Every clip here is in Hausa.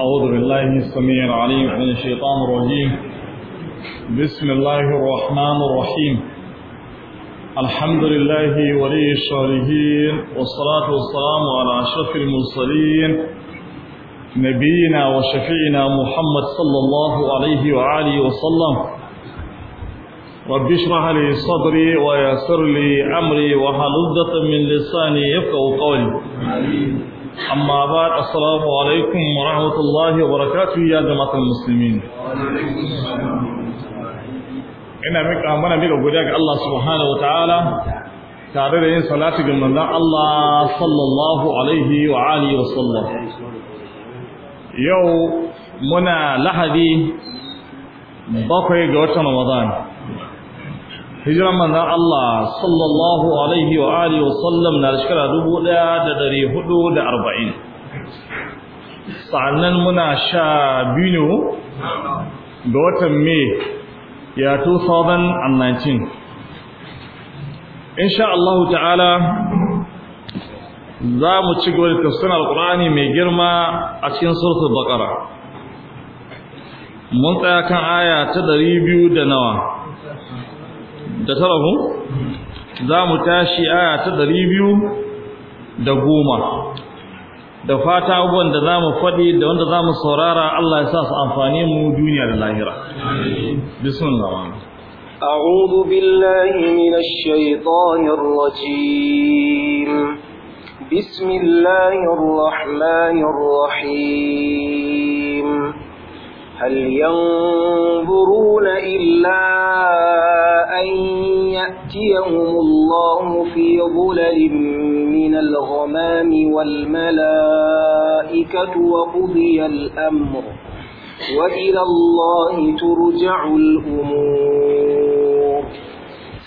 أعوذ بالله السميع العليم من الشيطان الرجيم بسم الله الرحمن الرحيم الحمد لله ولي الشارهين والصلاة والسلام على أشرف المرسلين نبينا وشفينا محمد صلى الله عليه وآله وسلم رب اشرح لي صدري ويسر لي أمري وحلدة من لساني يفقه قولي أما بعد السلام عليكم ورحمة الله وبركاته يا جماعة المسلمين ina mika mana mika godiya ga Allah subhanahu wataala tare da yin salati ga manzon Allah sallallahu yau muna lahadi bakwai ga watan hijiran manzan Allah sallallahu alaihi wa alihi wasallam na shekara arba'in. sannan muna sha biyu ga watan me ya 2019 insha Allah ta'ala za mu ci gaba da tafsirin alqur'ani mai girma a cikin suratul bakara mun tsaya kan aya ta biyu da nawa da tarahu za mu tashi aya ta ɗari biyu da goma da fata abubuwan da za mu faɗi da wanda za mu saurara Allah ya sa su amfani mu duniya da lahira bismillah أعوذ بالله من الشيطان الرجيم بسم الله الرحمن الرحيم هل ينظرون إلا أن يأتيهم الله في ظلل من الغمام والملائكة وقضي الأمر وإلى الله ترجع الأمور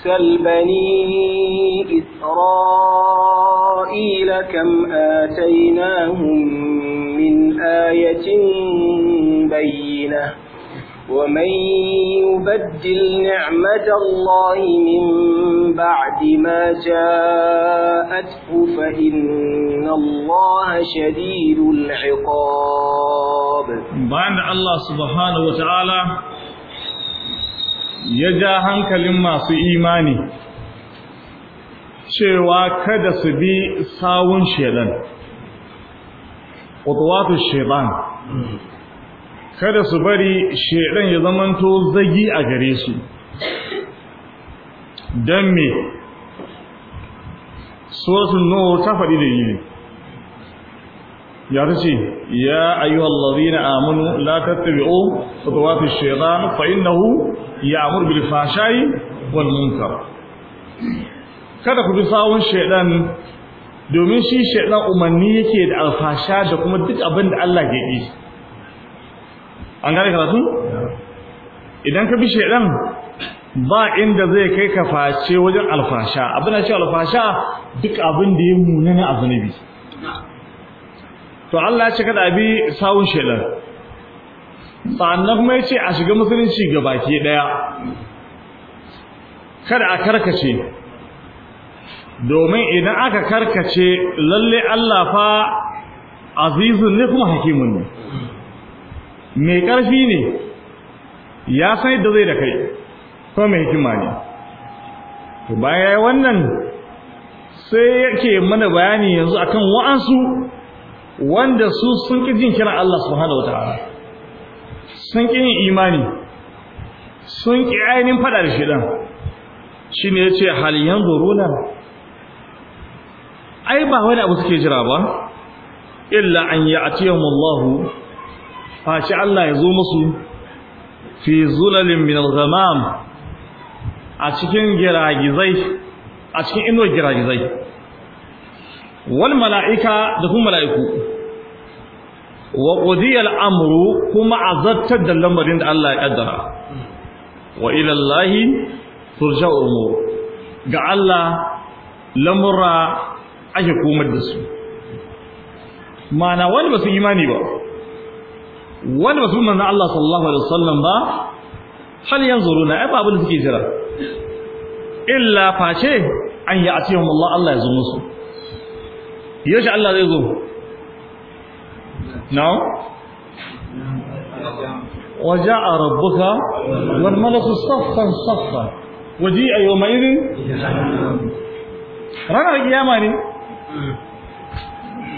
سل بني إسرائيل كم آتيناهم من آية بينة ومن يبدل نعمة الله من بعد ما جاءته فإن الله شديد العقاب بعد الله سبحانه وتعالى يجا هنكل في imani شوى كدس بي bi sawun shedan qutwatu kada su bari shedan ya zamanto zagi a gare su dan me suratul nur ta faɗi da yini ya ce ya ayyuhallazina amanu la tattabi'u khutuwatish shaytan fa innahu ya'muru bil fahsha'i wal munkar kada ku bi sawun shedan domin shi shedan umarni yake da alfasha da kuma duk abin da Allah ya yi an gane karatu idan ka bi shaidan ba inda zai kai ka face wajen alfasha abin da ce alfasha duk abin da ya munana a zunubi to Allah ya ce kada bi sawun shaidan sannan kuma ya ce a shiga musulunci ga baki daya kada a karkace domin idan aka karkace lalle Allah fa azizun ne kuma hakimun ne mai ƙarfi ne ya san yadda zai da kai ko mai hikima ne to baya wannan sai yake mana bayani yanzu akan wa'ansu wanda su sun ƙi jin kiran Allah subhanahu wataala sun ƙi yin imani sun ƙi ainihin faɗa da shi ɗan shi ne ya ce hal yanzuruna ai ba wani abu suke jira ba illa an ya'tiyahum fashi Allah ya zo musu fi zulalin min al-ghamam a cikin giragizai a cikin inuwar giragizai wal mala'ika da kuma mala'iku wa qudiya al-amru kuma azattar da lamarin da Allah ya kaddara wa ila Allah turja'u umur ga Allah lamura ake komar da su mana wani ba su imani ba wanda ba su bi Allah sallallahu alaihi wasallam ba hal yanzuruna ai ba abin da suke jira illa face an yi atihum Allah Allah ya zo musu yaushe Allah zai zo now وجاء ربك والملك صفا صفا وجيء يومئذ ranar kiyama ne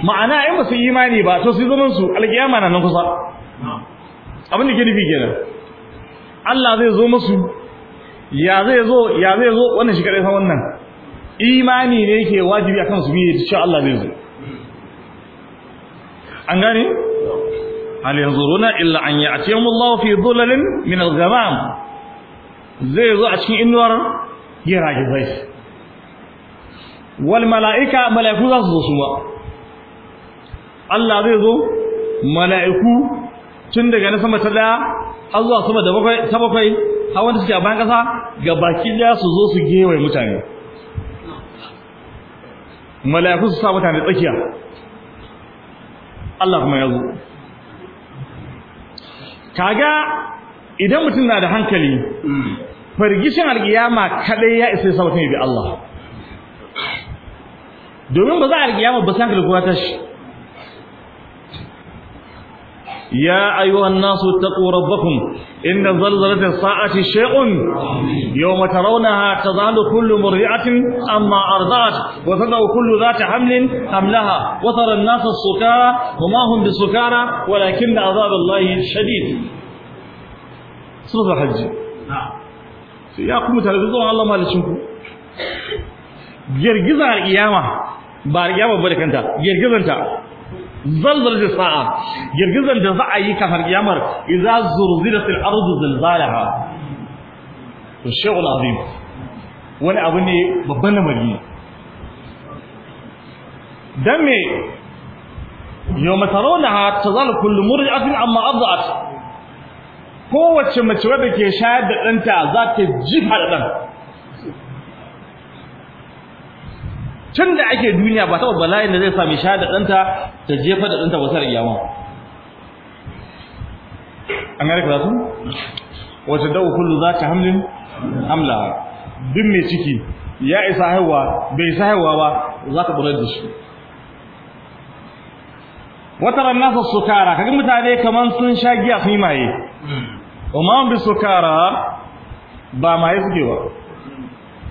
ma'ana in ba su imani ba to su zaman su alkiyama na nan kusa abin da ke nufi kenan Allah zai zo musu ya zai zo ya zai zo wannan shi kadai fa wannan imani ne yake wajibi akan su biye cewa Allah zai zo an gane hal yanzuruna illa an ya'tiyahum Allah fi dhulalin min al-ghamam zai zo a cikin inuwar gizai wal mala'ika mala'iku za su zo su ba Allah zai zo mala'iku tun daga na sama ta daya har zuwa sama da bakwai ta bakwai har wanda suke a bayan kasa ga baki daya su zo su gewaye mutane mala'iku su sa mutane tsakiya Allah kuma ya zo kaga idan mutum na da hankali fargishin alkiyama kadai ya isa sa mutum bi Allah domin ba za a alkiyama ba san ka kuwa ta shi. يا أيها الناس اتقوا ربكم إن زلزلة الساعة شيء يوم ترونها تزال كل مرضعة أما أرضعت وتضع كل ذات حمل حملها وترى الناس السكارى وما هم بسكارى ولكن عذاب الله شديد سورة الحج يا قوم تلبسوا الله مالكم girgizar iyama ba iyama ba da kanta girgizanta zalzalatis sa'a girgizan da za a yi kafar kiyamar idza zurzilatil ardu zilzalaha to shay'ul azim wani abu ne babban lamari dan me yawma tarawnaha tazal kullu mur'atin amma arda'at kowace mace wadda ke shayar da danta za ta jifa da tun da ake duniya ba ta bala'in da zai sami sha da danta ta jefa da danta ba sa riyawa an ka sun wata dau kullu za ta hamlin hamla din mai ciki ya isa haihuwa bai isa haihuwa ba za ka bular da shi wata rannasa sukara kaga mutane kaman sun sha giya sun yi maye amma bi sukara ba maye suke ba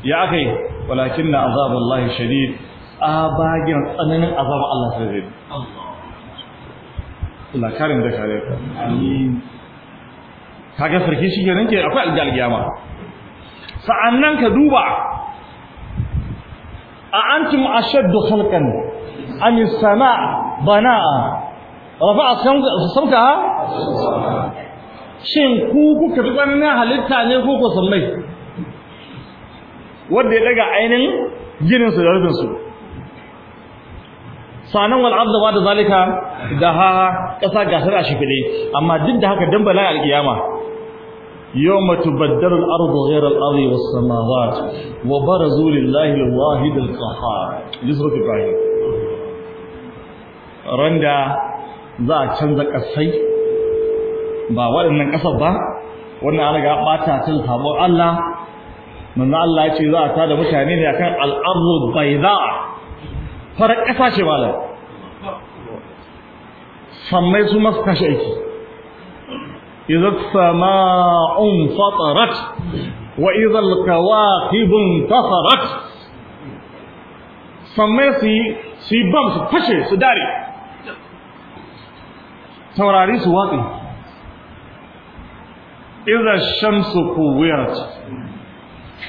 ya kai. walakin na azabullahi shadid abagen tsananin azabar Allah sai zai Allah karin da kare ka kaga sarki shi kenan ke akwai algalgiyama sa'annan ka duba a antum ashaddu khalqan am as-sama' bana'a rafa'a samka shin ku kuka tsananin halitta ne ko ko sammai wanda ya daga ainin ginin su da rufin su sanan wal arda wa da zalika da ha kasa gasar a shifide amma duk da haka dan bala alkiyama yawma tubaddalu al ardu ghayra al ardi was samawat wa barazu lillahi al wahid al qahhar lisrat ibrahim randa za a canza kasai ba waɗannan kasar ba wannan an ga bata tun sabon Allah manzo Allah ya ce za a tada mutane ne akan al-ardu bayda farar kasa ce malam sammai su masu kashe aiki idza sama'un fatarat wa idza al-kawakib intasarat sammai su su bam su fashe su dare taurari su watsi idza shamsu kuwirat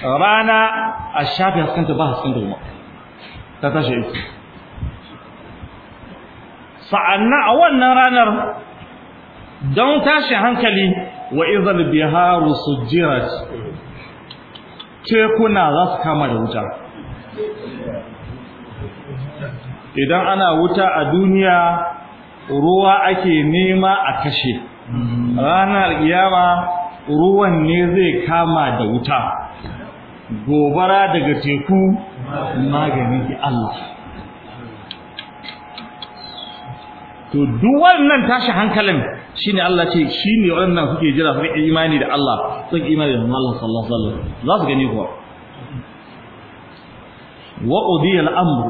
rana a shafi haskanta ba haskanta kuma ta tashi uku Sa'anna a wannan ranar don tashi hankali wa izal biharu sujjirat tekuna za su kama da wuta idan ana wuta a duniya ruwa ake nema a kashe ranar iyawa ruwan ne zai kama da wuta gobara daga teku magani ki Allah to duk wannan tashi hankalin shine Allah ce shine wannan kuke jira su imani da Allah sun imani da Allah sallallahu alaihi wasallam za su gani kuwa wa udiya al-amr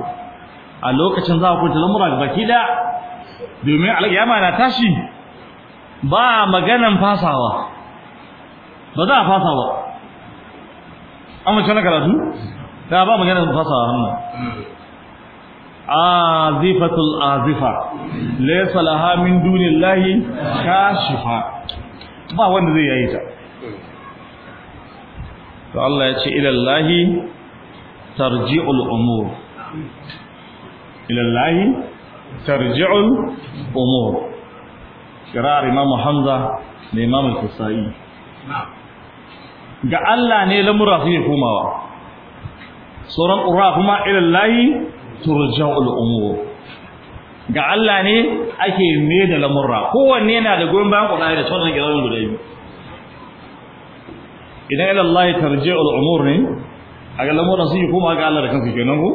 a lokacin za ku ta mura gaba baki domin alƙiyama na tashi ba maganan fasawa ba za a fasawa. ba an mace na karatu ta ba magana fasa hannu azifatul azifa laysa laha min dunillahi kashifa ba wanda zai yayi ta to Allah ya ce ila lahi tarji'ul umur ila lahi tarji'ul umur kirar imam Hamza da imam al-Kusai na'am ga Allah ne lamura su komawa sauran ƙura kuma layi turjan umur ga Allah ne ake me da lamura, kowanne yana da gurin bayan ƙura da sauran gidan guda yi idan layi turjan umur ne a ga lamurra su koma ga Allah da kansu kenan ku.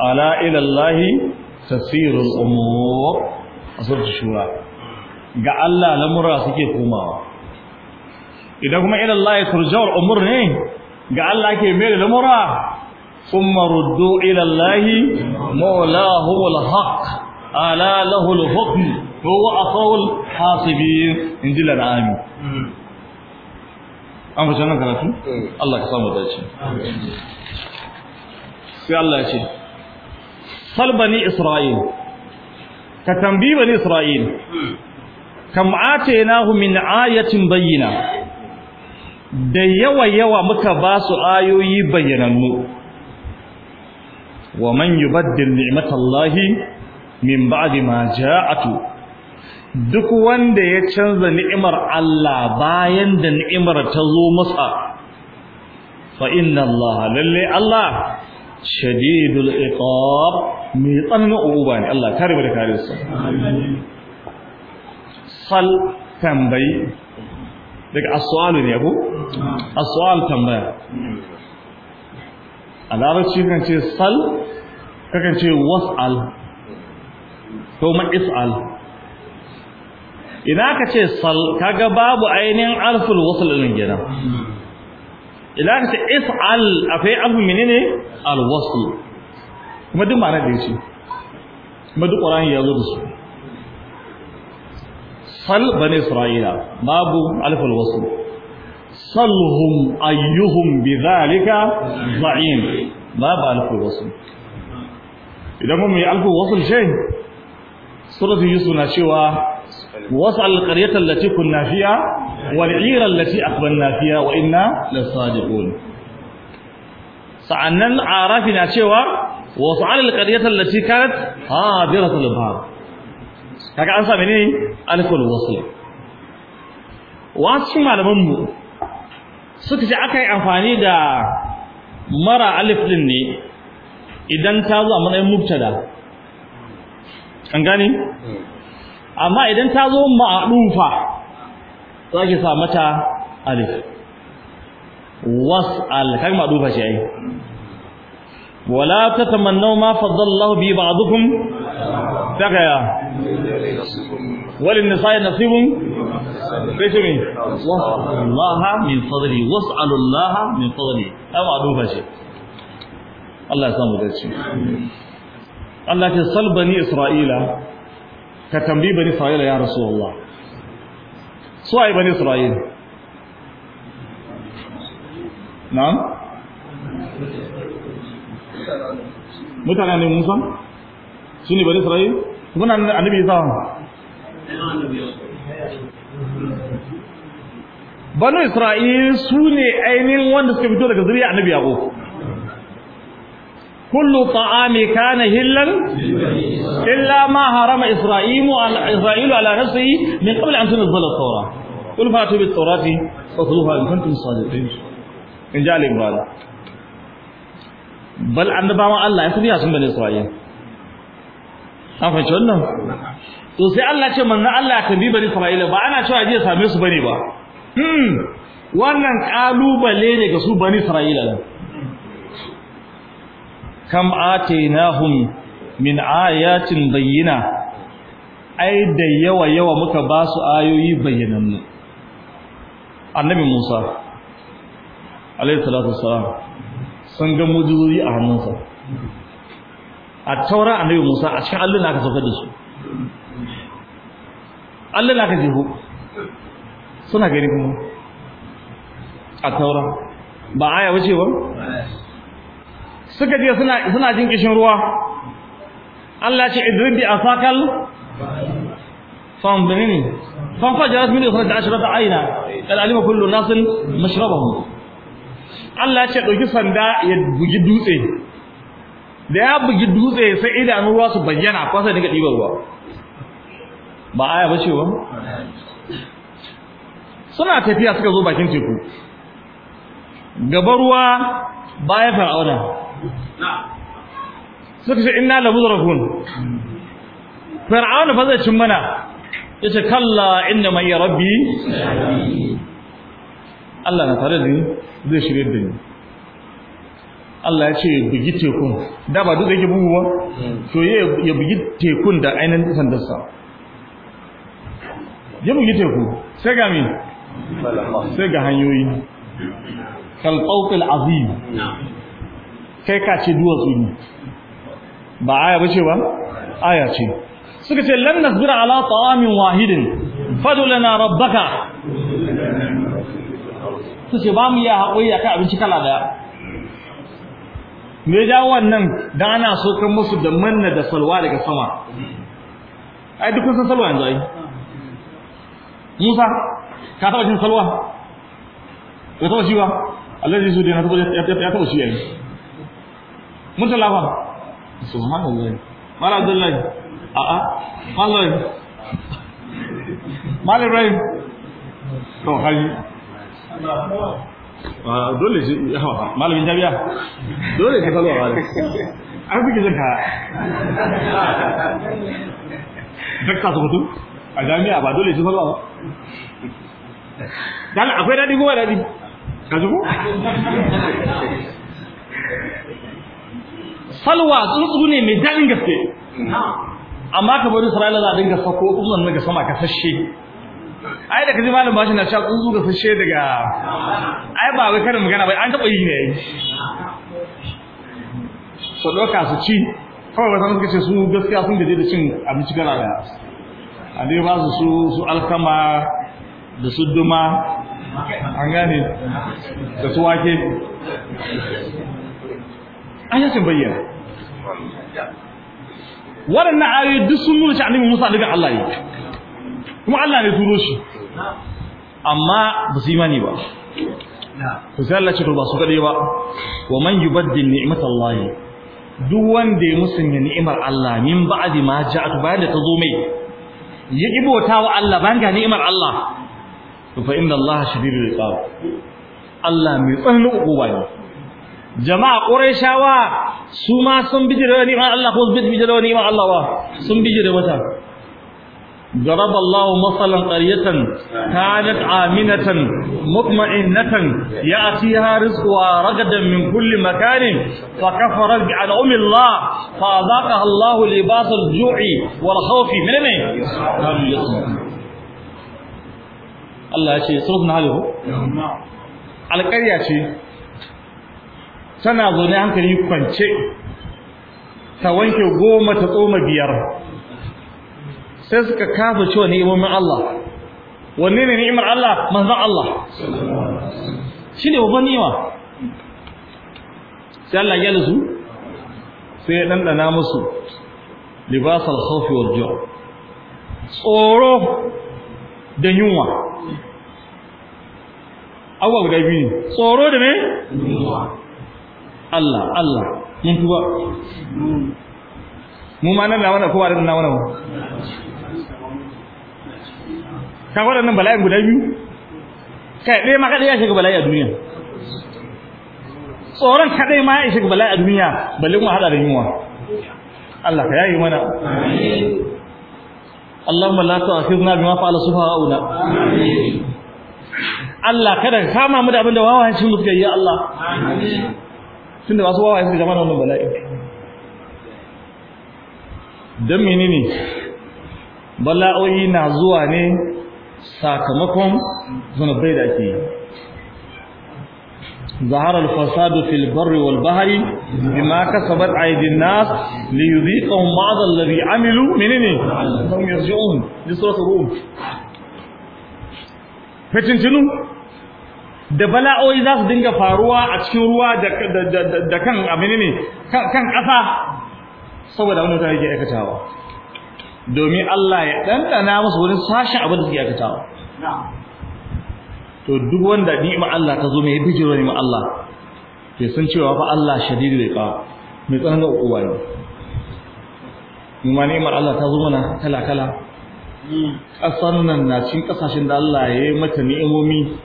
ala layi tafirin umur a surtu shura ga Allah lamura suke komawa idan kuma ila Allah turja'ul umur ne ga Allah ke mai lamura thumma ruddu ila Allah mawlahu al-haq ala lahu al-hukm huwa aqwal hasibin inji al-ami an ba sanan karatu Allah ka samu dace sai Allah ya ce sal bani isra'il ka tambi bani isra'il kam atainahum min ayatin bayyina. da yawa yawa muka ba su ayoyi bayyanannu wa man yubaddil ni'matallahi min ba'di ma ja'atu duk wanda ya canza ni'imar Allah bayan da ni'imar ta zo masa fa inna Allah lalle Allah shadidul iqab mai tsananin uba ne Allah kare da kare su sal tambayi daga aswalu ne ko aswal tambaya a larabci kan ce sal kakan ce was'al ko ma is'al Ina ka ce sal kaga babu ainihin alful wasu din gina Ina ka ce is'al akwai alful ne? alwasu kuma duk ma'anar da ce kuma duk qur'ani ya zo da su sal bani isra'ila babu alful wasl salhum ayyuhum bidhalika za'im babu alful wasl idan mun yi alful wasl shay suratu yusuf na cewa واسأل القرية التي كنا فيها والعير التي أقبلنا فيها وإنا لصادقون سعنن عارفنا شوى واسأل القرية التي كانت حاضرة البحر kaga an sami ne alkul wasl wasu malaman mu suka ce akai amfani da mara alif din ne idan ta zo a matsayin mubtada an gani? amma idan ta zo ma'adufa za ki sa mata alif was'al kaga ma'dufa shi ai wala tatamannaw ma faddala ba bi ba'dukum takaya walin nisa'i nasibun bishmi allah min fadli wasallallaha min fadli amma duba shi Allah ya samu dace Allah ya sal bani Isra'ila ka tambayi bani Isra'ila ya Rasulullah su ai bani Isra'ila na'am mutanen Musa su ne bari isra'il kuna nan annabi ya zama banu isra'il su ne ainihin wanda suka fito daga zuriya annabi yaqub kullu ta'ami kana hillan illa ma harama isra'ilu isra'ilu ala nafsihi min qabl an tunzala at-taura qul fatu bit-taurati fatluha in kuntum sadiqin in ja al-imran bal annabawan Allah ya tabiya sun bani isra'il an fahimci wannan to sai Allah ce manzo Allah ya bi bani Isra'ila ba ana cewa je same su bane ba hmm wannan kalubale ne ga su bani Isra'ila ne kam atainahum min ayatin bayyina ai da yawa yawa muka ba su ayoyi bayyanannu annabi Musa alayhi salatu wassalam sun ga mujizoyi a hannunsa a taura annabi Musa a cikin Allah naka saukar da su Allah ka jeho suna gani kuma a taura ba aya ce ba suka je suna suna jin kishin ruwa Allah ce idrin bi asakal fanbirini fanfajarat da ikhraj ashrata aina al alima kullu nasin mashirabahu Allah ce ɗauki sanda ya bugi dutse da ya bugi dutse sai idanun ruwa su bayyana ko sai daga dibar ruwa ba aya ba ce ba suna tafiya suka zo bakin teku gaba ruwa baya fir'auna suka ce inna la fir'auna fa zai cin mana ce kalla inna man rabbi Allah na tare da ni zai shirye da ni Allah ya ce ya bugi tekun da ba duk da bugu ba? to ya bugi tekun da ainihin sandarsa ya bugi teku sai ga me sai ga hanyoyi kalfautul azim kai ka ce duwatsu ne ba aya ba ce ba aya ce suka ce lan nasbira ala ta'amin wahidin fadu lana rabbaka Suka ce ba mu iya haƙuri akan abinci kala daya me ja wannan dan ana so kan musu da manna da salwa daga sama ai duk sun salwa yanzu ai Musa ka taba jin salwa ka taba shi ba Allah zai dai da na taba ya taba shi yayi mutalafa subhanallah mala abdullahi a a mala mallai to haji Allah Ah, dole shi hawa malamin jami'a dole shi kalwa wani an fi gizin kaya dakta su hutu a jami'a ba dole shi kalwa ba dan akwai daɗi kuma daɗi ka ji ko salwa tsuntsu ne mai daɗin gaske amma kamar isra'ila za a dinga sako tsuntsun daga sama ka sashe ai da kaji malam bashi na sha tsuntsu ga fashe daga ai ba wai karin magana ba an taba yi ne so doka su ci kawai wasan suka ce su gaskiya sun gaje da cin abinci gara da a dai ba su su alkama da su duma an gane da su wake an yasin bayyana waɗannan ayoyi duk sun nuna shi annabi Musa daga Allah yi kuma Allah ne turo shi amma ba su yi imani ba to sai Allah ce to ba su kadai ba wa man yubaddil ni'matallahi duk wanda ya musanya ni'imar Allah min ba'di ma ja'at bayan da ta zo mai ya kibota wa Allah bayan ga ni'imar Allah to fa inna Allah shadidul iqab Allah mai tsananin ukuba ne jama'a quraishawa su ma sun bijira ni'imar Allah ko bijira ni'imar Allah ba sun bijira mata ضرب الله مثلا قرية كانت آمنة مطمئنة يأتيها رزقها رغدا من كل مكان فكفرت بأنعم الله فأذاقها الله لباس الجوع والخوف من مين؟ Allah ya ce sulhun halu alƙarya ce tana zaune hankali kwance ta wanke goma ta tsoma biyar sai suka kafa cewa ni'imomin Allah wanne ne ni'imar Allah manzon Allah shine babban ni'ima sai Allah ya lusu sai ya ɗanɗana musu Libasar khawfi wal ju' tsoro da yunwa abubuwa guda biyu tsoro da me Allah Allah mun tuba mu ma nan na wannan kowa da nan na wannan ka waɗannan bala'in guda biyu kai ɗaya ma kaɗai ya shiga bala'i a duniya tsoron kaɗai ma ya shiga bala'i a duniya balle wa haɗa da yunwa Allah ka yayi mana Allahumma la tu'akhidhna bima fa'ala sufaha'una Allah kada ka kama mu da abin da shi sun suka yi ya Allah tunda wasu wawa su zama wannan bala'i dan menene bala'o'i na zuwa ne sakamakon zunubai da ake yi ظهر الفساد في البر والبحر بما كسبت ايدي الناس ليذيقهم بعض الذي عملوا da bala'o'i za su dinga faruwa a cikin ruwa da kan ne kan ƙasa saboda wani ta yake aikatawa domin Allah ya ɗanɗana musu wurin sashen abin da suke aikatawa to duk wanda ni'ima Allah ta zo mai bijiro ni'ima Allah ke san cewa fa Allah shadidu da iqab mai tsananin uquba ne kuma ni'imar Allah ta zo mana kala kala hmm. kasan nan na cikin kasashen da Allah ya yi mata ni'imomi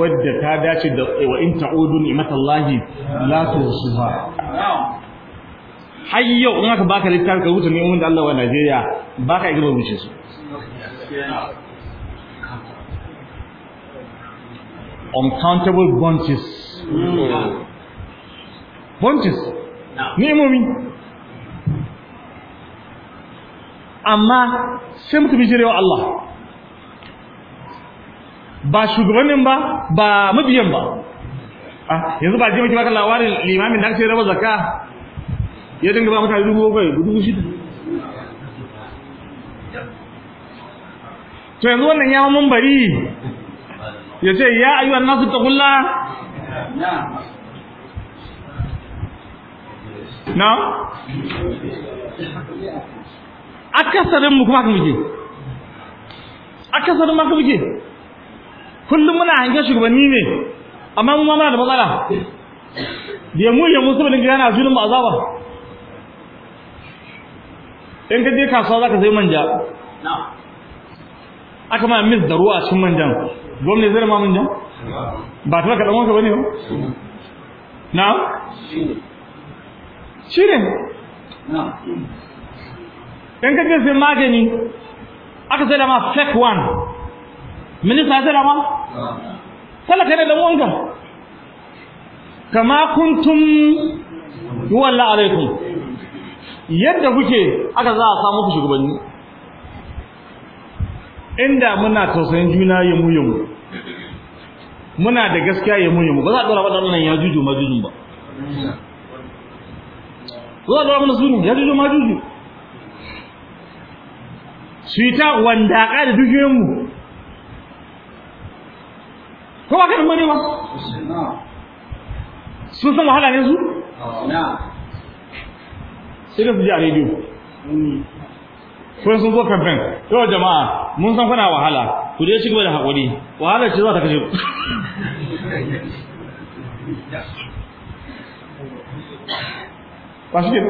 wadda ta dace da wa in ta'udu ni'matallahi la ba. har yau in aka baka littafi ka rubuta neman da Allah wa Najeriya baka iya rubuce su uncountable bunches bunches ni'imomi amma sai muka bijirewa Allah ba shugabannin ba ba mabiyan ba ah, yanzu ba je muke baka labarin limamin da aka ce raba zakka ya dinga ba mutane dubu bakwai dubu shida to yanzu wannan ya mun bari ya ce ya ayyuhan nasu taqullah na akasarin mu kuma muke akasarin mu muke kullum muna hangen shugabanni ne amma mu ma muna da matsala da mu ya musu bin gana junan mu azaba in ka je kasuwa zaka sai manja aka ma mis da ruwa a cikin manjan gwamnati zai ma manjan ba ta ka dan ka bane ba na shi ne in ka je sai magani aka sai da ma fake one minista ya sai da ma talaka ne dan wanka kama kuntum yuwalla alaikum yadda kuke aka za a samu ku shugabanni inda muna tausayin juna ya mu muna da gaskiya ya mu ba za a dora waɗannan ya juju ma juju ba za a dora mana suru ya juju ma juju su yi ta wandaƙa da dukiyoyinmu ko ba ka da mani ba sun san wahala ne su sai da su ji a rediyo ko sun zo kamfen yau jama'a mun san kuna wahala ku je cigaba da haƙuri wahala ce zuwa ta kashe ba shi ke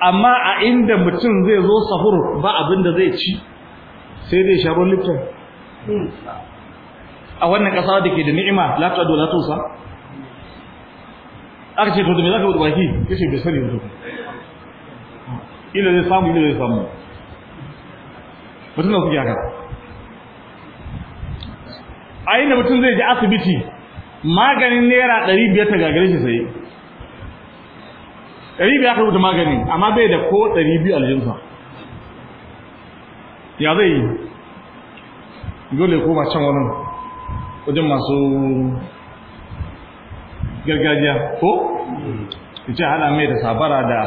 amma a inda mutum zai zo sahur ba abin da zai ci sai dai sharon lifton a wannan ƙasa da ke da ni'ima la da dola tusa aka ce to za ka zaka baki baki ce bai sani mutum ila zai samu ila zai samu mutum na kuke haka a yi da mutum zai je asibiti maganin naira ɗari biyar ta gagare shi sai ɗari biyar aka rubuta maganin amma bai da ko ɗari biyu aljinsa ya zai yi dole koma can wani wajen masu gargajiya ko ce hana mai da sabara da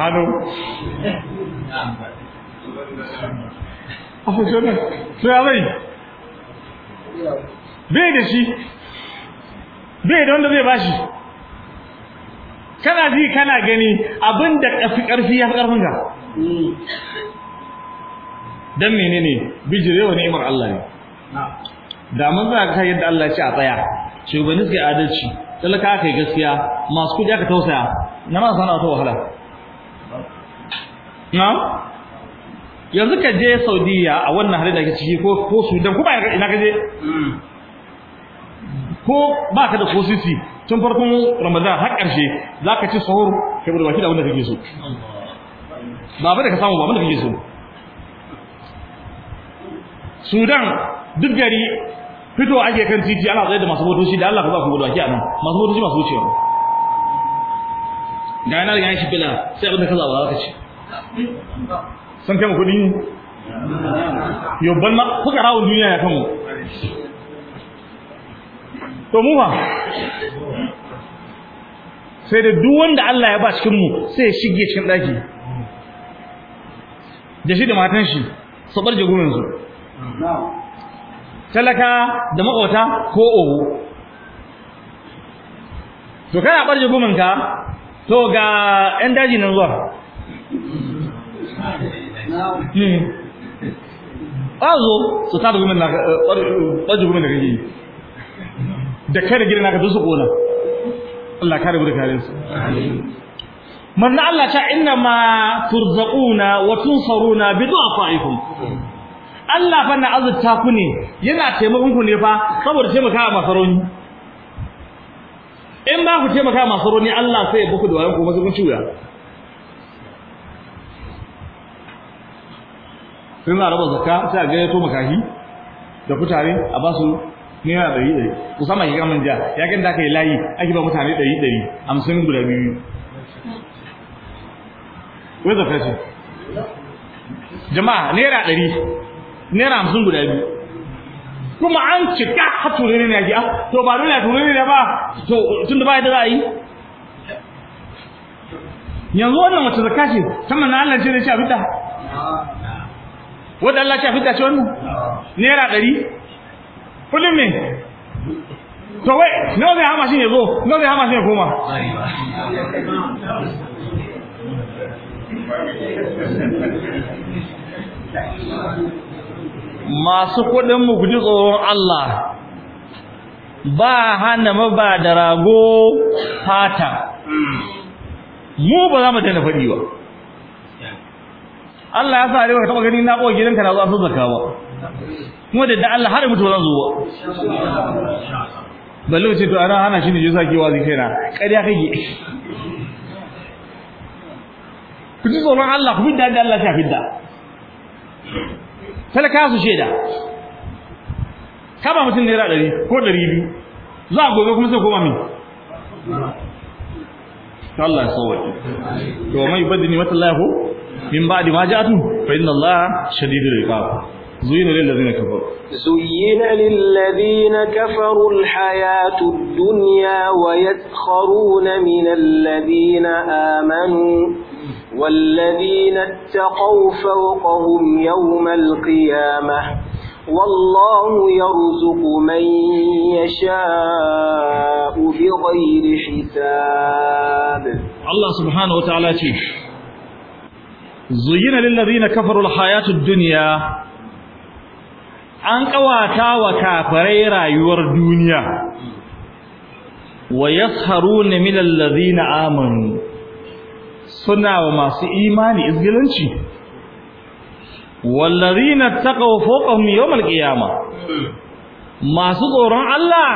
hannu a hujjonar su ya zai bai da shi bai da wanda zai bashi kana ji kana gani abin da ƙarfi ya fi ƙarfin ga don menene bijirewa imar Allah ne da mun za ka yadda Allah ce a tsaya shugabanni suka adalci talaka yi gaskiya masu kuɗi aka tausaya na ma sana'a ta wahala na yanzu ka je Saudiya a wannan halin da ke ciki ko ko Sudan ko ba ina ka je ko ba ka da kosisi tun farkon Ramadan har ƙarshe ka ci sahur ka da baki da wanda kake so ba ba da ka samu ba wanda kake so Sudan duk gari fito ake kan titi ana tsaye da masu motoci da Allah ka ba ku gudu ake anan masu motoci masu wucewa da yana riga shi bila sai abin da ka zaba ka ci san kai kuɗi ne yobban na kuka rawun duniya ya kanmu to mu fa sai da duk wanda Allah ya ba cikin mu sai ya shige cikin daki da shi da matan shi sabar jagumin su na'am talaka da maƙota ko oho to kana barje gumanka to ga ƴan daji nan zuwa eh. zo su ta gumin na barje eh, gumin da kake yi da kai da na naka dusu ƙona Allah kare mu kare su manna Allah ta inna ma turzaquna wa tunsaruna bi du'afaikum Allah fa na azurta ku ne yana taimakon ku ne fa saboda taimaka ma saroni in ba ku taimaka ma saroni Allah sai ya buku da wayan ku masu kun ciwa sun na rabu zakka sai ga gaya to makahi da kutare a ba su naira ɗari ɗari sama ki gaman ja ya ganda aka yi layi ake ba mutane ɗari ɗari hamsin guda biyu wai zakka ce jama'a naira ɗari naira hamsin guda biyu kuma an cika har turere ne ya ah, to ba dole turere ne ba to tun da ba yadda za a yi yanzu wannan wata zakka ce ta na Allah ce da shi a fita wanda Allah ce a fita ce wannan naira ɗari kullum ne to wai nawa zai hama shi ya zo nawa zai hama shi ya koma Thank you. masu kuɗin mu guji tsoron Allah ba hana ba da rago fata mu ba za mu daina faɗi ba Allah ya sa arewa ka taɓa gani na ɓoye gidanka na zuwa zaka ba kuma da Allah har mutu zan zuwa ballo ce to ana hana shi ne yasa ke wazi kaina ƙarya kake ku ji tsoron Allah ku bi da Allah ya fidda talaka su sheda kaba mutum naira ɗari ko ɗari biyu za gobe kuma sai koma min Allah ya to mai badini wata lahu min ba'di ma ja'atu fa inna Allah shadidul iqab زين للذين كفروا زين للذين كفروا الحياة الدنيا min من الذين amanu. والذين اتقوا فوقهم يوم القيامة والله يرزق من يشاء بغير حساب الله سبحانه وتعالى زين للذين كفروا الحياة الدنيا an kawata wa يور الدنيا duniya من الذين آمنوا suna wa masu imani izgilanci wallazina taqaw fawqahum yawmal qiyamah masu tsoron Allah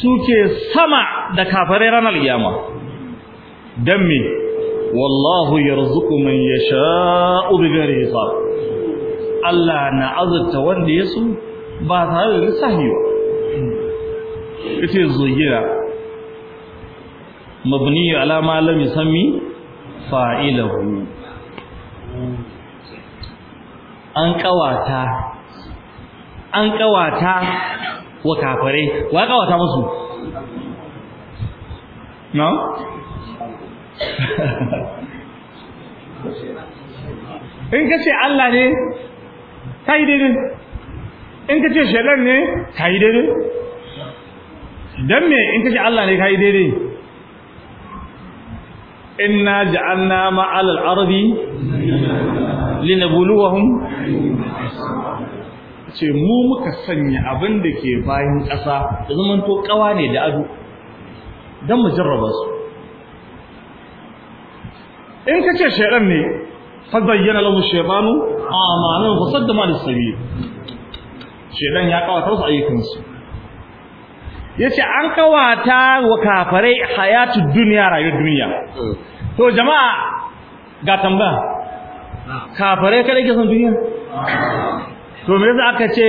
suke sama da kafare ranar kiyama dan me wallahu yarzuqu ya yasha'u bighairi hisab Allah na azurta wanda ya so ba tare da lissafi ba ita zuwa mabni ala ma lam yusammi fa'ilahu an kawata an kawata wa kafare wa kawata musu no in ka ce Allah ne yi dai in ka ce shaɗar ne yi dai dan me in ka ce Allah ne yi dai inna ja'alna ma'al al-ardi linabluwahum ce mu muka sanya abin da ke bayan ƙasa da zaman to kawa ne da ado dan mu jarraba su in ce shedan ne fa zayyana lahu shaytanu amanu fa saddama lis-sabil shedan ya kawata su ayyukansu yace an kawata wa kafare hayatu duniya rayuwar duniya hmm. to jama'a ga tambaya kafare kada ke son duniya to me yasa aka ce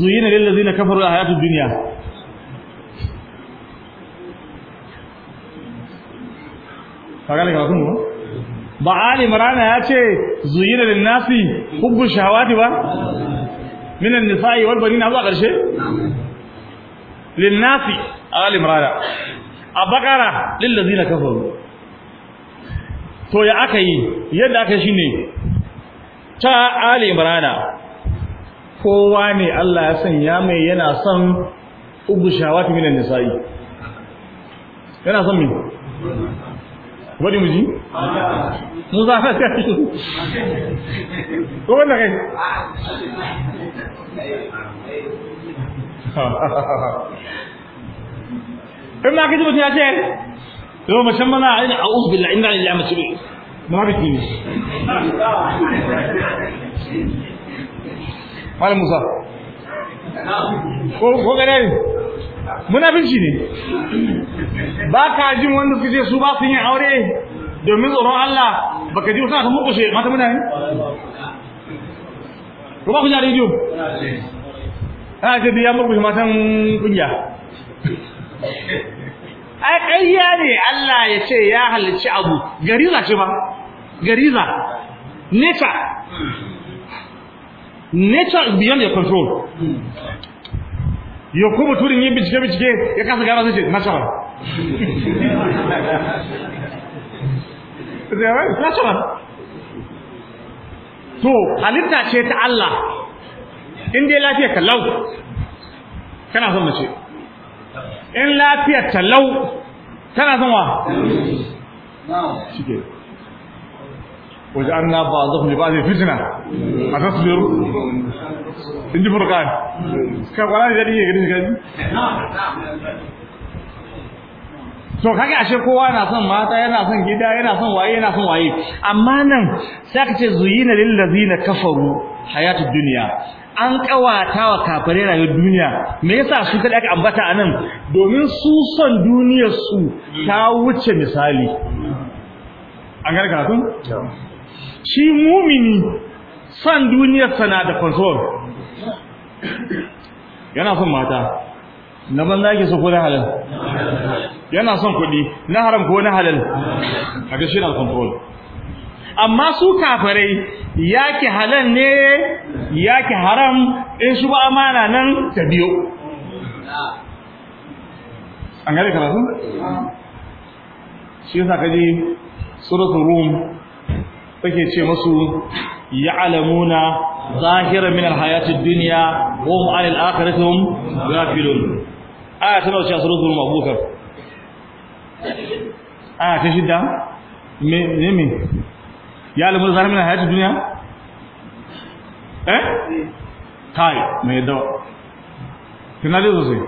zuyina lil ladina kafaru hayatu duniya kaga ne ka kun ba ali marana ya ce zuyina lin nasi hubbu shahawati ba minan nisa'i wal banina zuwa karshe linnasi ali imran a bakara lillazina kafaru to ya aka yi yadda aka shine ta ali imran kowa ne Allah ya sanya mai yana son ubu shawati minan nisa'i yana son me wani muji mu za ka ta shi ko wannan kai Ina ma ka ji mutum ya ce yau mashan mana a ina a uzu billah inda ila masu ne munafiki ne malam musa ko gane ne munafici ne ba ka jin wanda suke su ba su yin aure domin tsoron Allah baka ji wasu na ta mukushe mata mutane ko ba ku ji a rediyo ake biya muku matan kunya ai ƙarya ne Allah ya ce ya halicci abu gariza ce ba gariza nature nature is beyond your control kuma turin yin bincike bincike ya kasa gara zai ce Na natural to halitta ce ta Allah in dai lafiyar kallau kana son mace in lafiyar talau tana son wa shike waje an na ba zafi ne ba zai fitina a tasbir in ji ne. ka kwana da daɗi ya gani gani to kage ashe kowa na son mata yana son gida yana son waye yana son waye amma nan sai ka ce zuyina lil ladina kafaru hayatud dunya an kawata wa kafare rayuwar duniya me yasa su kada aka ambata anan domin su son duniyar su ta wuce misali an gane tun shi mumini son duniyar sa na da control yana son mata na banza zaki su ko na halal yana son kuɗi na haram ko na halal ga shi na control amma su kafirai yake halal ne yake haram in su ba amana nan ta biyo an gane karatu shi yasa kaje suratul rum take ce musu ya'lamuna zahira min alhayatid dunya wa hum 'anil akhiratihim ghafilun aya ta nauce suratul mabukar aya ta shidda me ne me ya alamu zara min hayati duniya eh kai mai dawa tunani sosai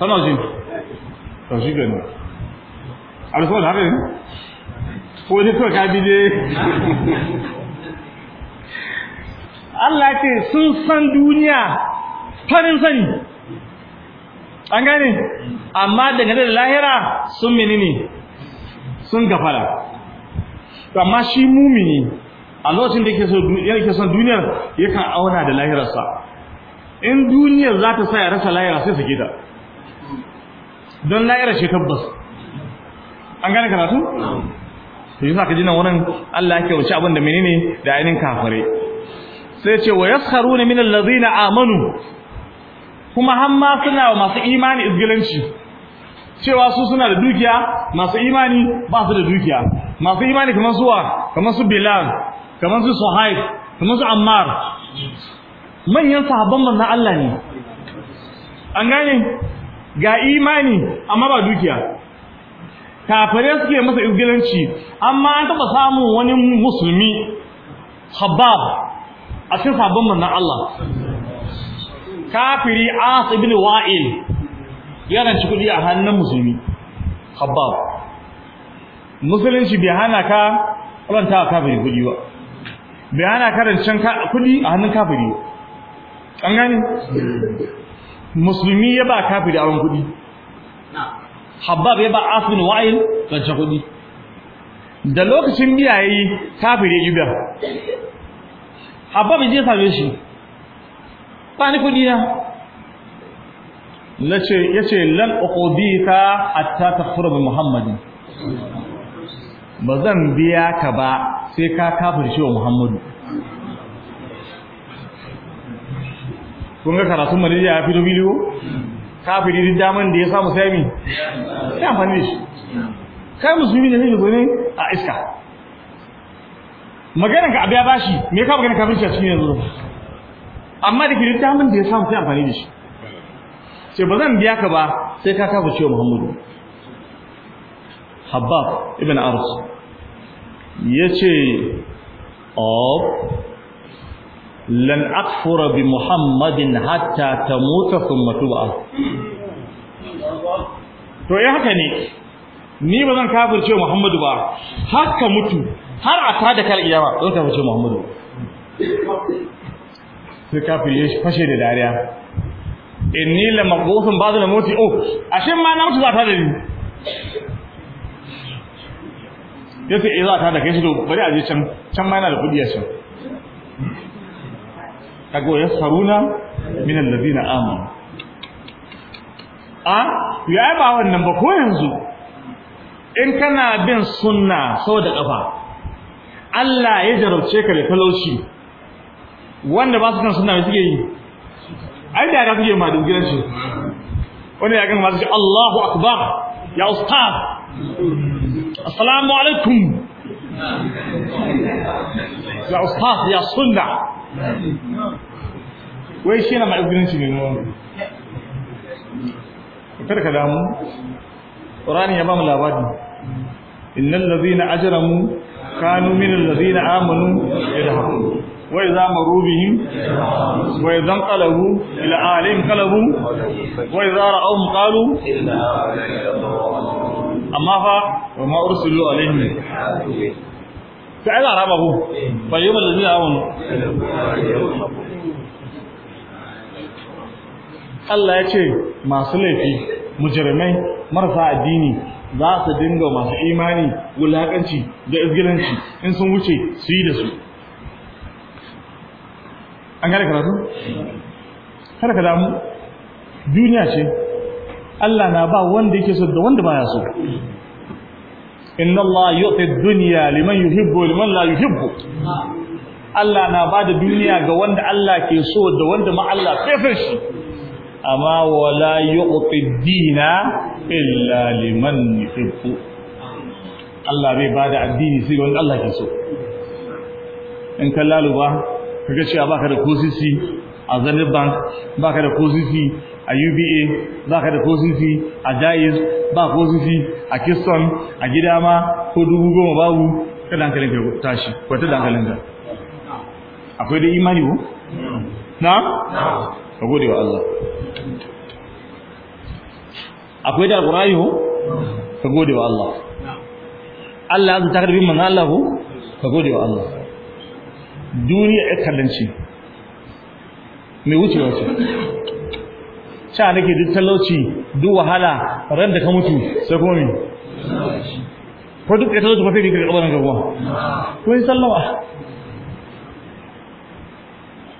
tana jin ta shi gani alkawar haka ne ko ne kawai kabi ne Allah ce sun san duniya farin sani an gane amma daga da lahira sun menene sun gafara to amma shi mumini a lokacin da yake so yake son duniyar yakan auna da lahirarsa in duniyar za ta sa ya rasa lahira sai sake ta don lahira ce tabbas an gane karatu to yasa ka ji nan wurin Allah yake wuce abin da menene da ainin kafare sai ce wa yaskharuna min allazina amanu kuma hamma suna wa masu imani izgilanci cewa su suna da dukiya masu imani ba su da dukiya masu imani kamar suwa kamar su bilal kamar su suhaib kamar su ammar manyan sahabban manzon Allah ne an gane ga imani amma ba dukiya kafare suke masa izgilanci amma an taba samun wani musulmi habab a cikin sahabban manzon Allah kafiri as ibn wa'il ya ranci kuɗi a hannun musulmi khabbab musulunci bai hana ka ranta kafiri kuɗi ba bai hana ka rancen kuɗi a hannun kafiri ba an gani musulmi ya ba kafiri a kuɗi habbab ya ba afin wa'il rancen kuɗi da lokacin biya yi kafiri ya biya habbab ya je same shi ba ni kuɗi na nace yace lan uqdika hatta takfura bi Ba bazan biya ka ba sai ka kafirce wa muhammadu kun ga karatun malija ya fito bidiyo kafiri duk daman da ya samu sami? ya sai amfani da shi kai musulmi ne ne ne? a iska maganar ka abiya bashi me ka magana kafirci a cikin yanzu amma da ke duk daman da ya samu sai amfani da shi ce ba zan biya ka ba sai ka kafa cewa Muhammadu Habbab ibn ya ce of lan akfura bi Muhammadin hatta ta tamuta thumma tub'a to eh haka ne ni ba zan kafa cewa Muhammadu ba haka mutu har a tada ba zan kafa cewa Muhammadu sai kafir ya fashe da dariya inni la maqbusun ba'da la mauti oh ashin ma na mutu za ta da ni yace eh za ta da kai shi to bari a je can can ma yana da kudi a can kaga ya saruna min alladhina amanu a ya ba wannan ba ko yanzu in kana bin sunna sau da kafa Allah ya jarabce ka da talauci wanda ba su kan sunna me suke yi ai da na kuke ma da gidan shi wani ya gani masu ce Allahu akbar ya ustaz assalamu alaikum ya ustaz ya sunna wai shi na ma'azinci ne nuna kada ka damu ƙorani ya ba mu labari innan lazina ajiramu kanu minin lazina amanu ya da haku وإذا مروا بهم وإذا انقلبوا إلى أهلهم انقلبوا وإذا رأوهم قالوا أما فا وما أرسلوا عليهم فعلا ربهم فيوم الذين آمنوا Allah ya ce masu laifi mujirmai marasa addini za su dinga masu imani wulakanci da izgilanci in sun wuce su yi da su an gane karatu kada ka damu duniya ce Allah na ba wanda yake so da wanda ba ya so inna Allah yu'ti ad-dunya liman yuhibbu wa liman la yuhibbu Allah na ba da duniya ga wanda Allah ke so da wanda ma Allah fefin shi amma wala yu'ti ad-dina illa liman yuhibbu Allah bai ba da addini sai wanda Allah ke so in kallalu ba ce a baka da kosisi a zanen Bank baka da kosisi a UBA baka da kosisi a Jaiz ba kosisi a Kiston a gida ma ko dubu goma babu ta dankalin ka tashi ko ta dankalin ka akwai da imani ko na ka gode wa Allah akwai da alqur'ani ko ka gode wa Allah Allah ya zanta karfin manzo Allah ko ka gode wa Allah duniya ya tallanci mai wuce. ce sha nake duk talauci duk wahala ran da ka mutu sai kuma me ko duk talauci mafi sai ne ka kabarin gaba ko yi sallama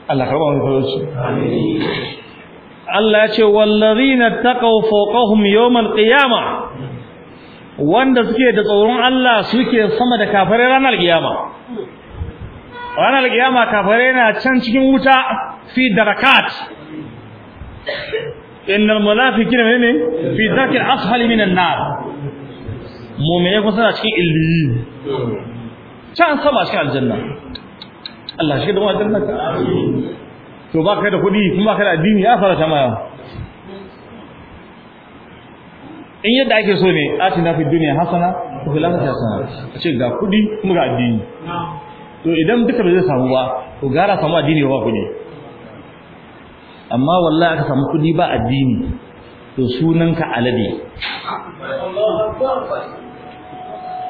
Allah karba wani talauci Allah ya ce na taqaw fawqahum yawon ƙiyama, wanda suke da tsoron Allah suke sama da kafirai ranar kiyama ranar alkiyama kafare na can cikin wuta fi darakat innal munafiqina ne fi dakil ashal minan nar mu'mine kusa da cikin illiyin can sama cikin aljanna Allah shi da mu aljanna ka to ba kai da kudi kuma ba kai da addini ya ta maya in yadda ake so ne atina fi dunya hasana ko lafiya akhirati hasana ce ga kudi kuma ga addini to idan duka ba zai samu ba to gara samu addini ba ne. amma wallahi aka samu kuɗi ba addini to sunanka alade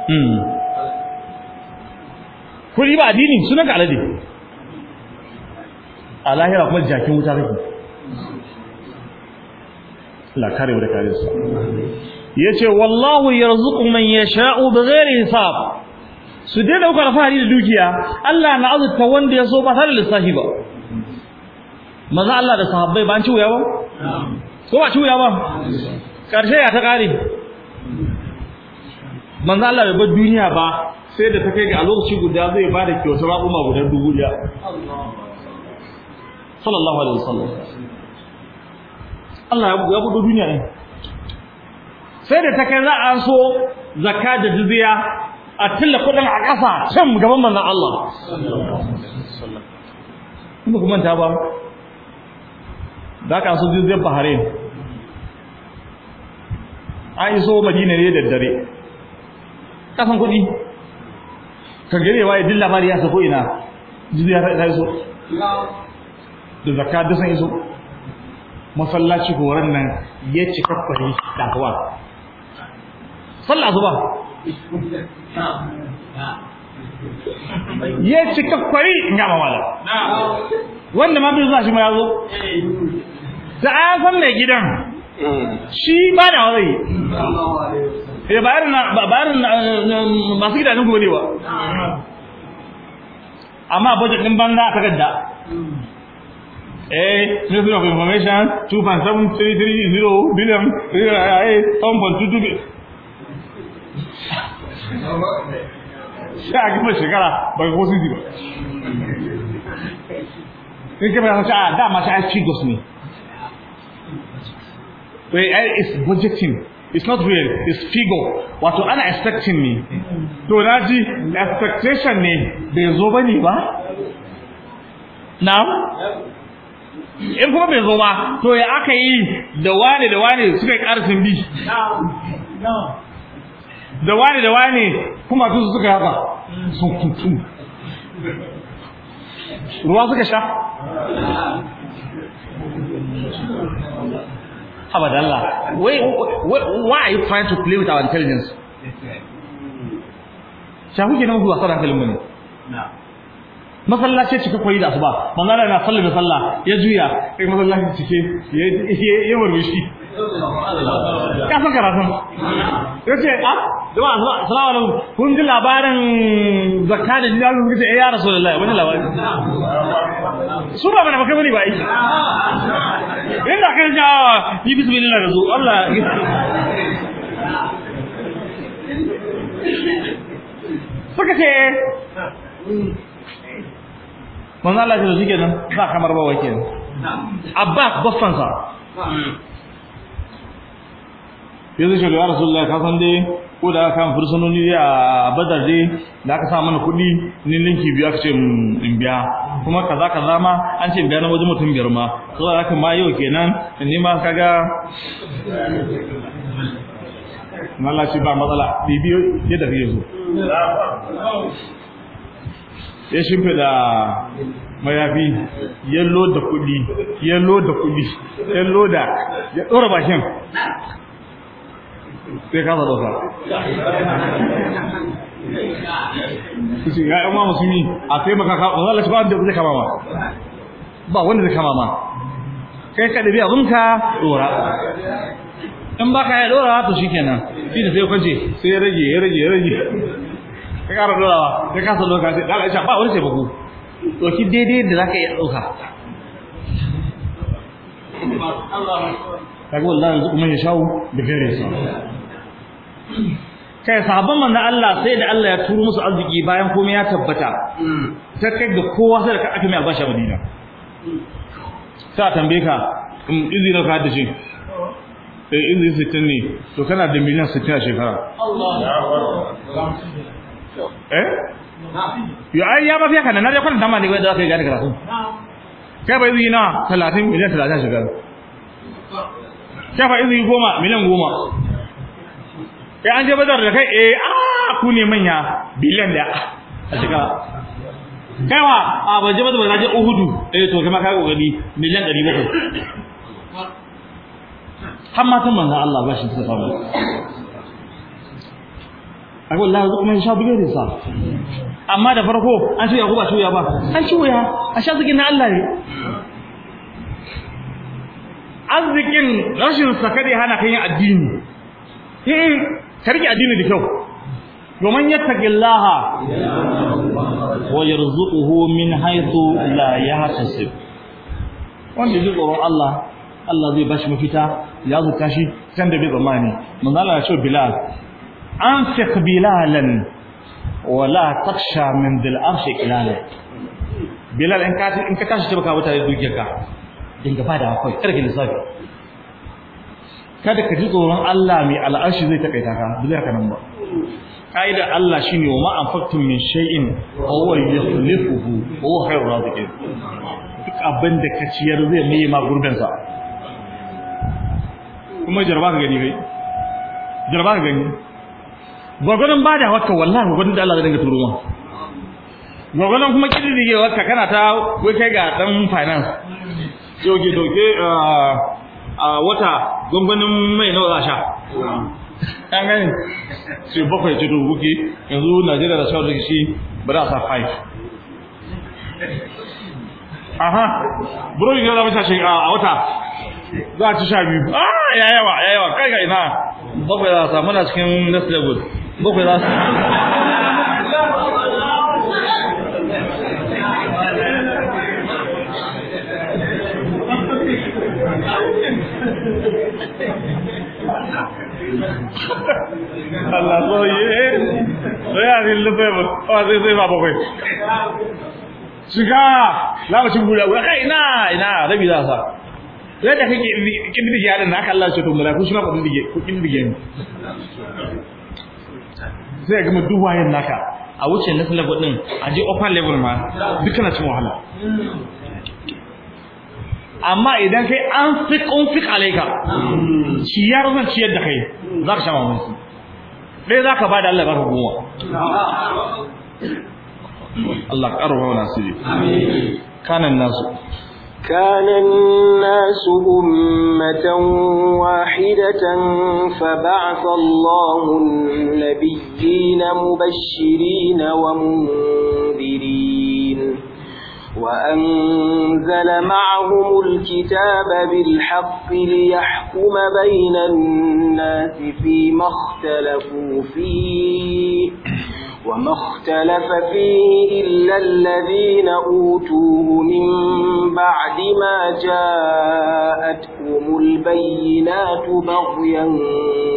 hmm. kudi ba addini sunanka alade a lahira kuma jakin wuta kake la kare da kare su yace wallahu yarzuqu man yasha'u bighairi hisab su dai dauka alfahari da dukiya Allah na azurta wanda ya so ba tare da lissafi ba maza Allah da sahabbai ba an ci wuya ba ko ba ci wuya ba karshe ya ta kare manzo Allah bai bar duniya ba sai da ta kai ga lokaci guda zai ba da kyautar ma guda dubu ya sallallahu alaihi wasallam Allah ya buɗe duniya ne sai da ta kai za a so zakka da dubiya. a tilla kudin a ƙasa can gaban manzon Allah kuma kuma ta ba da ka so zai Bahrain an iso Madina ne da dare kasan kudi ka ya dilla bari ya sako ina ya ta iso da zakka dusan iso masallaci horon nan ya ci kwari da kawai sallah zuba ya cika kwari ga mawala wanda ma bai zuwa shi ma ya zo da a san mai gidan shi ba da wazai ya eh, bayar na bayar masu gidajen gobe ba amma budget din banza ta gadda eh Ministry of Information 2.733 billion eh 1.22 sai a gima shekara ba ga wasu ba in kama ya ah, da dama sai ci figures ne to ai is projecting it's not real it's figure wato ana expecting ne to na ji expectation ne bai zo ba ne ba Na in kuma bai zo ba to ya aka yi da wane da wane suka yi karfin bi da wani da wani kuma su suka haka sun kutu. ruwa suka sha abada Allah wai why are you trying to play with our intelligence sha kuke nan zuwa sadan kalmin ne masallaci cike koyi da asuba manzo na sallah da sallah ya juya kai masallaci cike ya ya murmushi kasan san karatun ya ce ah, a zuwa salamu alaikum kun ji labarin zakka da jina kun ce eh, ya rasu da lallai wani labarin su ba mana baka bane ba aiki inda kan jawa ah, ni bismillah da zo Allah suka ce manzo Allah ya ce nan za ba kamar ba ke Abbas baffansa sai zai shiga rasulullah ka san dai ko da aka fursunoni dai a badar dai da aka sa mana kuɗi ni linki biyu aka ce in biya kuma kaza kaza ma an ce biya na wajen mutum biyar ma da haka ma yau kenan ni ma ga. Allah shi ba matsala bibi ya tafi yanzu ya da mayafi yallo da kuɗi yallo da kuɗi yallo da ya ɗora bakin sai ka saba sa kuce ya a sai maka kama ma ba wanda zai kama ma kai ka abun ka dora in ba ka ya dora to shikenan shi sai kwaje sai ya rage ya rage ya rage ka kara dorawa sai ka sa doka sai dala sai baku to daidai da zaka iya dauka kaga wallahi yanzu kuma ya shawo da gare sa kai sahabban manzo Allah sai da Allah ya turo musu arziki bayan komai ya tabbata ta kai ga kowa sai da aka mai albashi a Madina sai tambaye ka in hm, izina ka da shi eh izini 60 ne to kana da miliyan 60 a shekara Allah eh ya ai ya ba fiya kana na da kwanta da ne wai da kai ga karatu kai bai zina 30 miliyan 30 a shekara shafa izini goma miliyan goma eh an je bazar da kai eh a ah, ku ne manya biliyan da a shiga kaiwa a ban je bazar da je uhudu eh to kai ma kai kokari miliyan 700 har tun manzon Allah ba shi ta samu akwai Allah ya kuma sha buge da sa amma da farko an ce ya ku ba ya ba an ci wuya a sha zikin na Allah ne arzikin rashin sa kada hana kan yin addini in eh, karki addini da kyau domin yattaqillaha wa yarzuquhu min haythu la yahtasib wanda ji tsoron Allah Allah zai bashi mafita ya zuka shi can da bai zamani manzo Allah ya ce Bilal an anfiq bilalan wala taksha min dil arshi ilala Bilal in ka in ka tashi baka wuta da dukiyarka dinga akwai kawai da lissafi kada ka ji tsoron Allah mai al'ashi zai takaita ka ba zai nan ba kaida Allah shine wa ma anfaqtum min shay'in aw wa yuslifuhu wa huwa khairur raziqin duk abin da ka ciyar zai mai ma gurbin sa kuma jarba ka gani kai jarba ka gani gwagwaron ba da haka wallahi gwagwaron da Allah zai dinga turo ma gwagwaron kuma kididigewa ka kana ta wai kai ga dan finance yoge doke a wata gwangwanin mai nawa za sha an gani ce bakwai ce dubuki yanzu najeriya da saurin shi ba sa 5 aha burodi ne za mu a wata za a ci sha biyu a ah, ya yayawa ya kai ga ina bakwai za a samu muna cikin next level bakwai za a samu Allah so ye so ya ni lufe ba a zai zai ba bakwai shiga lamacin guda la kai ina ina rabi za sa zai da kake kindige yadda na kallon ce to malaku shi ma ku kindige ku kindige ni zai gama duwayen naka a wuce level level din a je open level ma dukkan cin wahala amma idan kai an fiq un fiq ciyar zan ciyar da kai zaka sha mamaki dai zaka bada Allah barka goma Allah karba wa nasiri kanan nasu كان الناس أمة واحدة فبعث الله النبيين مبشرين ومنذرين وأن أنزل معهم الكتاب بالحق ليحكم بين الناس فيما اختلفوا فيه وما اختلف فيه إلا الذين أوتوه من بعد ما جاءتهم البينات بغيا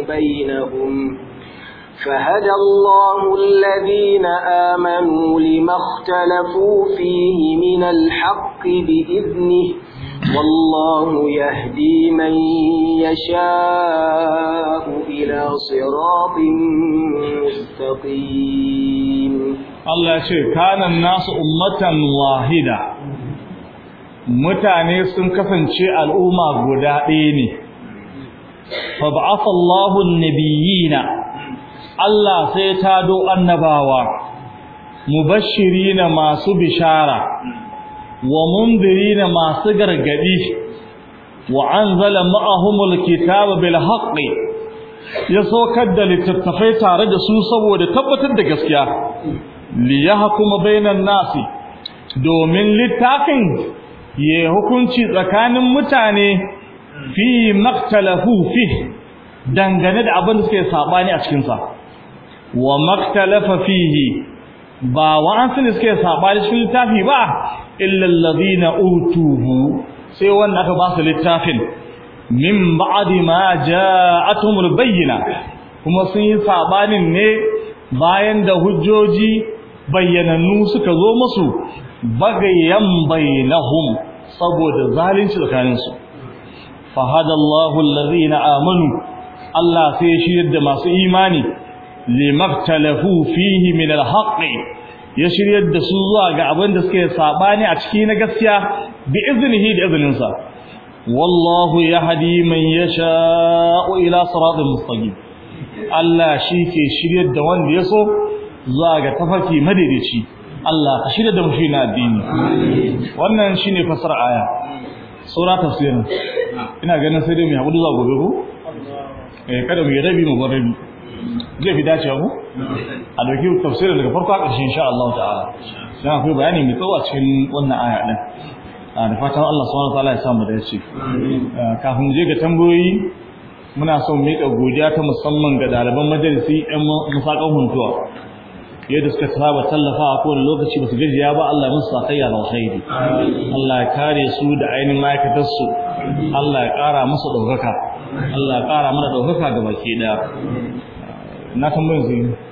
بينهم فهدى الله الذين آمنوا لما اختلفوا فيه من الحق بإذنه والله يهدي من يشاء إلى صراط مستقيم الله يقول كان الناس أمة واحدة mutane sun شيء الأمة غدائيني فبعث الله النبيين Allah sai ta do annabawa mubashirina masu bishara wa mundirina masu gargadi wa anzala ma'ahumul kitaba bil haqqi ya saukar da littattafai tare da su saboda tabbatar da gaskiya li yahkuma bainan nasi domin littafin ya hukunci tsakanin mutane fi maktalahu fi dangane da abin da suke sabani a cikin sa wa maktalafa fihi ba wa an suke sabani cikin littafi ba illa alladhina utuhu sai wanda aka ba su littafin min ba'di ma ja'atuhumul bayyina kuma sun yi sabanin ne bayan da hujjoji bayyanannu suka zo musu bagayen bainahum saboda zalunci tsakaninsu fa hadallahu alladhina amanu Allah sai shi yadda masu imani limaftalafu fihi min alhaq ya shiryar da su zuwa ga abin da suke sabani a ciki na gaskiya bi iznihi da sa wallahu yahdi man yasha ila siratin mustaqim Allah shi ke shiryar da wanda ya so zuwa ga tafaki madaidaici Allah ka shirya da mushi na addini wannan shine fasar aya sura tafsirin ina ganin sai dai mai haƙuri zuwa gobe ko eh kada mu yi rabi mu gobe rabi zai fi dacewa ku a dauki tafsirin daga farko a ƙarshe insha Allah ta'ala dan akwai bayani mai tsawo a cikin wannan aya din ah, da fatan Allah subhanahu wataala ya samu ah, kafin mu je ga tambayoyi muna son miƙa godiya ta musamman ga ɗaliban majalisi ɗan musaƙan huntuwa yadda suka saba tallafa a kowane lokaci basu gajiya ba Allah musu sakayya da alkhairi Allah ya kare su da ainihin ma'aikatar su Allah ya kara musu ɗaukaka Allah ya kara mana ɗaukaka ga baki ɗaya na tambayin zai